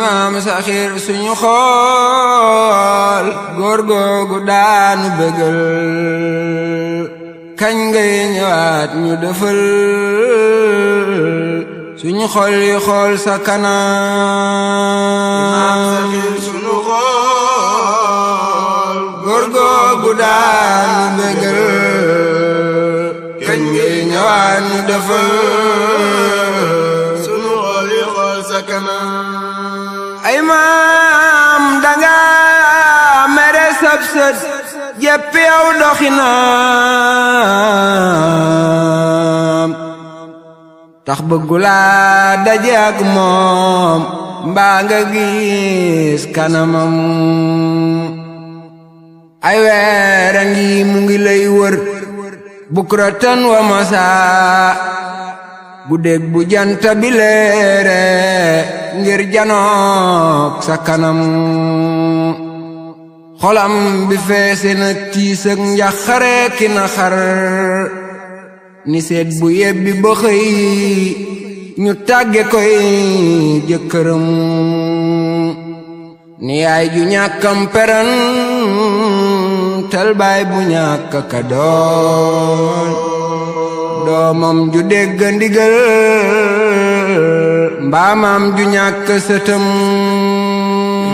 maam saxiir suñu xool góor googu daanu bëggal kañ ngay ñëwaat ñu dëfal suñu xol yi xool sa kanam maam saxiir suñu xool góor googu daanu bëggal kañ ngay ñëwaat ñu dëfal maam danga mere sab sët doxinaam tax bëggulaa daje ak moom mbaa nga gis kanamam ay weer a mu ngi lay wër bukratan wa masaa guddeeg bu jant bi leere ngir janook sa kanam xolam bi feese na tiis njaxare ki na xar ni seet bu yebbi ba xëy ñu tàgge koy jëkkëram ni yaay ju ñàkkam peran tal bu ñàkk ka doon doomam ju dégg ndigal mbaamam ju ñàkk sëtam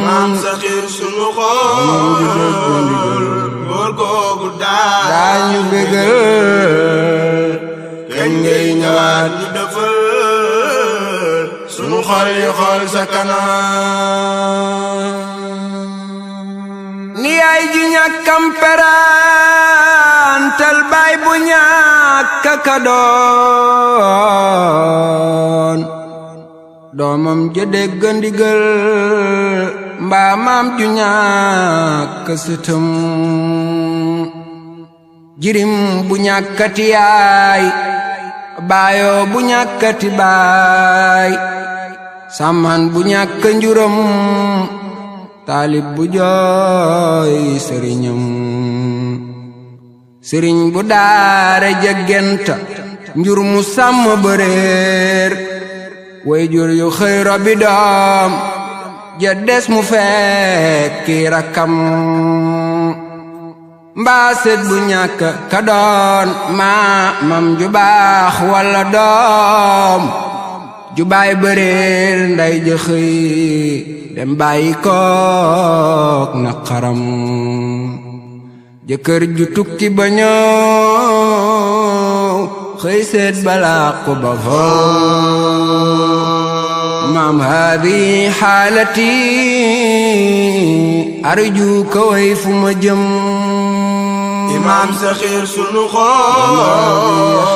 maam saxiir sunu xool ju dégg ndigal góor googu daal daañu bégal kañ ngay ñëwaat ñu defal sunu xol yi ka doon doomam ja dégg ndigal mbaa maam jirim bu ñàkkati yaay baayoo bu ñàkkati baay sàmman bu ñàkk njuram taalib bu jooy sëriñ bu daara jéggenta njur mu sàmm bëréer way jur yu xëy robi doom ja des mu fekki rakkam mbaa bu ñàkk ka doon maa mam ju walla doom ju baay nday ja xëy dem bàyyi kook na xaram jëkkër ju tukki ba ñëw xëy seet balaa ko ba foo maam haabi xaalati arju kaway fu ma jëm imaam saxiir sunu xool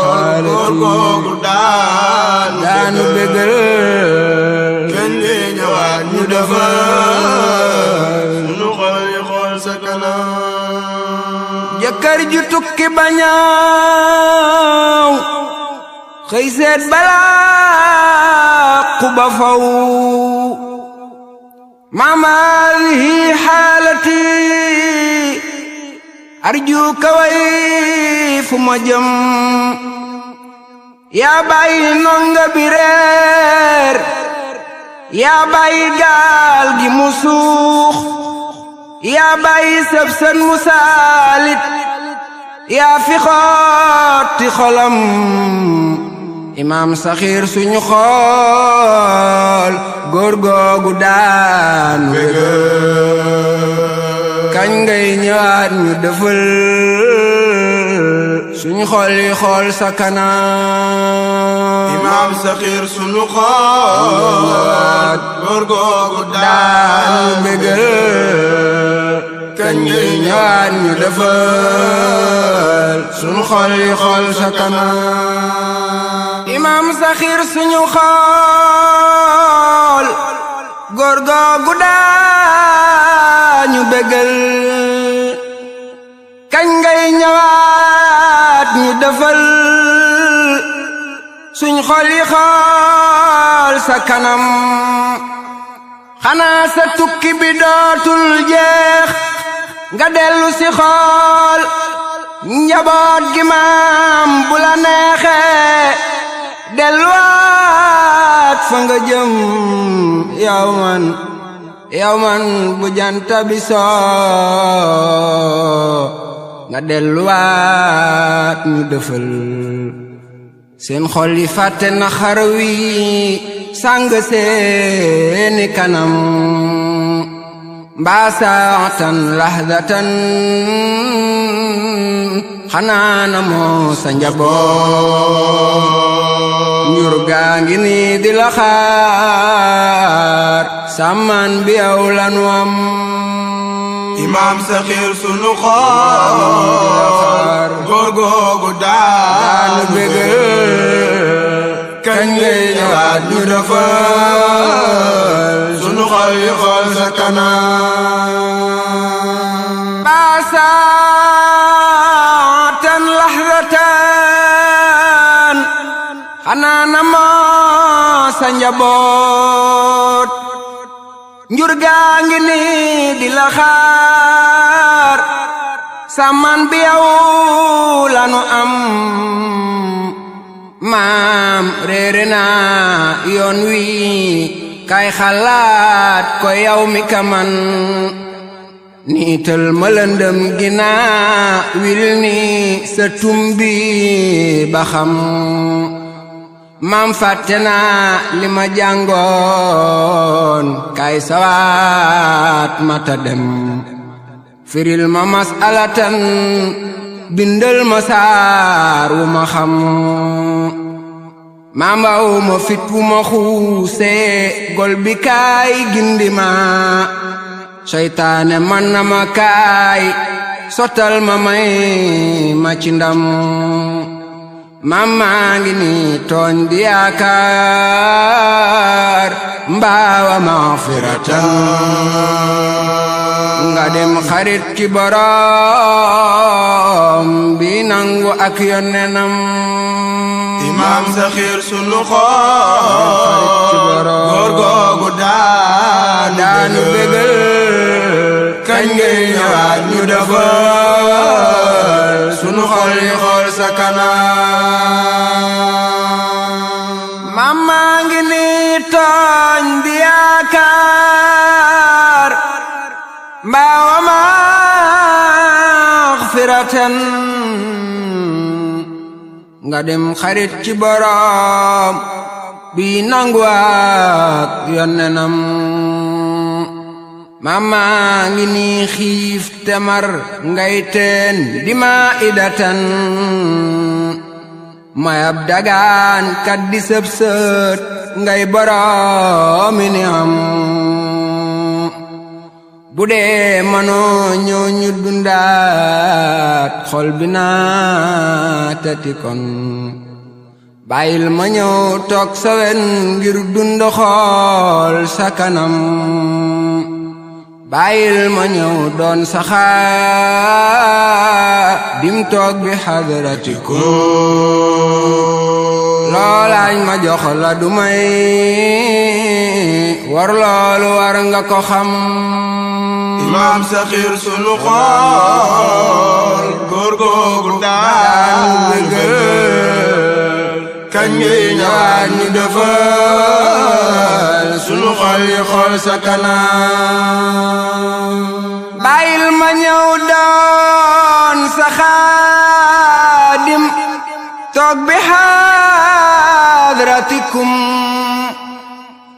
góor googu daan daanu bégal kenn ñëwaat ñu defar sunu xool yi xool sa jëkkër ju tukki bañaaw xëy balaa quba faw maamaalihi xaalati arju kaway fu ma jëm yaa bàyyi nonga bi reer yaa gaal gi mu yaa bàyyi sëf sën mu saalit yaa fi xotti xolam imaam saxiir suñu xool góor googu daan kañ ngay ñëwaat ñu dëfal سني خال خال سكنا إمام سخير سنو خال برقو قدان بقل كنجين يوان يدفل سنو خال خال سكنا إمام سخير سنو خال gorgo guda ñu bëggal kañ ngay ñëwaa bi defal suñ xoli xool sa kanam xanaa sa tukki bi dootul jeex nga dellu si xool njaboot gi maam bu la neexee delluwaat fa nga jëm yow man yow man bu janta bi soo nga deluat ñu defal seen xol yi fàtte na xar wi sàng seeni kanam mbaa saatan lahdatan xanaa na moo sa njaboot ñur gaa ngi nii di la xaar sàmmaan bi aw lanu am imaam saxiir sunu xool góor googu daanu bëgg kañ lay ñëwaat ñu defal sunu xol yi xool sa kanam baasaatan lahratan xanaa na moo sa njaboot njur gaa ngi nii di la xaar saman bi yow lanu am maam réere naa yoon wi kay xalaat ko yow mi kaman niital malëndëm ginaa wil ni sa tumbi ba xam maam fàtte naa li ma jàngoon kay sawaat mata dem firil ma masalatan bindal ma saar wu ma xam maam aw ma fit wu ma xuusee gol bi kaay gindi ma seytaane man na ma kaay sotal ma may ma ci maam maa ngi di yaakaar mbaawa maghfiratan nga dem xarit ci borom bi nangu ak yonenam imaam saxiir sunu xool góor googu daan daanu bégal kañ ngay ñëwaat ñu defal sunu yi xool sa xidmatan nga dem xarit ci boroom bi nangu yonnenam mama ngi nii xiif temar ngay teen di ma idatan mayab dagaan kat di ngay boroomi am bu dee manoo ñëw ñu dundaat xol bi naa tati kon bàyyil ma ñëw toog sawen ngir dund xool sa kanam ma ñëw doon saxaa dim toog bi xadarati ko loolaañ ma jox la du war loolu war nga ko xam مام سخير سلوخان غورغو غدان كانيي نوان ني دفا سلوخان يخول سكنا بايل ما نيو دون سخادم توك بحضرتكم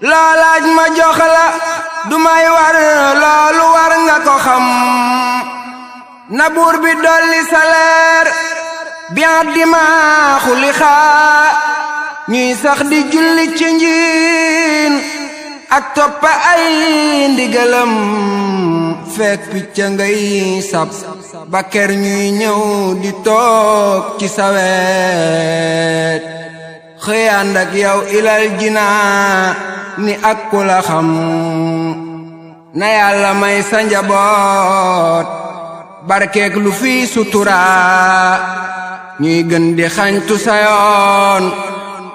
لا لاج ما جوخلا دماي xam na buur bi dolli salaire bi addi maaxu li xaa ñuy sax di julli ci njiin ak toppa ay ndigalam fekk picca ngay sab ba ñuy ñëw di toog ci saweet xëy ànd ak yow ilal jinaa ni ak ku xam na yalla may sa barke ak lu fi sutura ñi gën di xantu sayon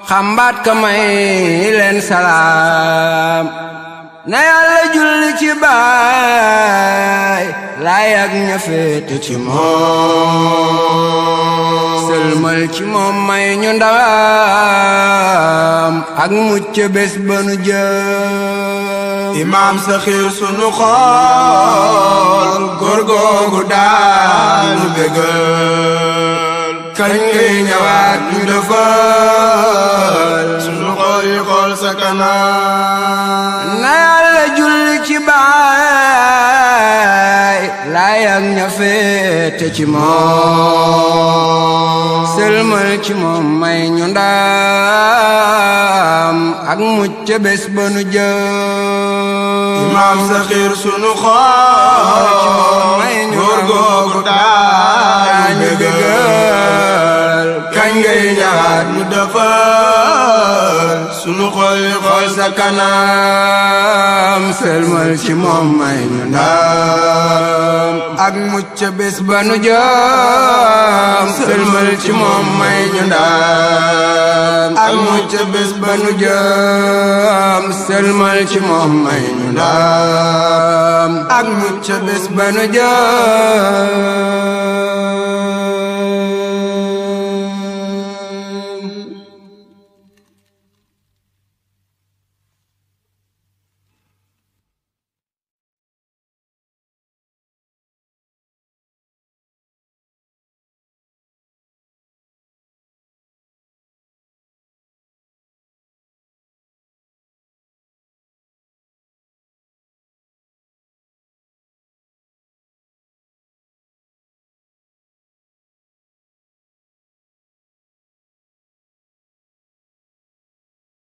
xambaat ka may len salam na yalla julli ci bay laay ak ñu fet ci mo selmal ci may ñu ak mucc bes banu imaam sa xiir sunu xool góorgóorgu daanu bégal kañ ngay ñëwaat ñu defal sunu xool yi xool sa kanam na yàlla julli ci baay laay ak ña féete ci moom sëlmal ci moom may ñu ndaam ak mucc bés ba nu jëm maam sa xiir sunu xool góor googu daa ñu dëggal kañ ngay ñaar ñu defal sunu xol xol sa kanam selmal ci moom may ñu ndam ak mucc bés ba nu jëm selmal ci moom may ñu ndam ak mucc bés ba nu sëlmal ci moom may ñu ndam ak mucc bés ba nu jëm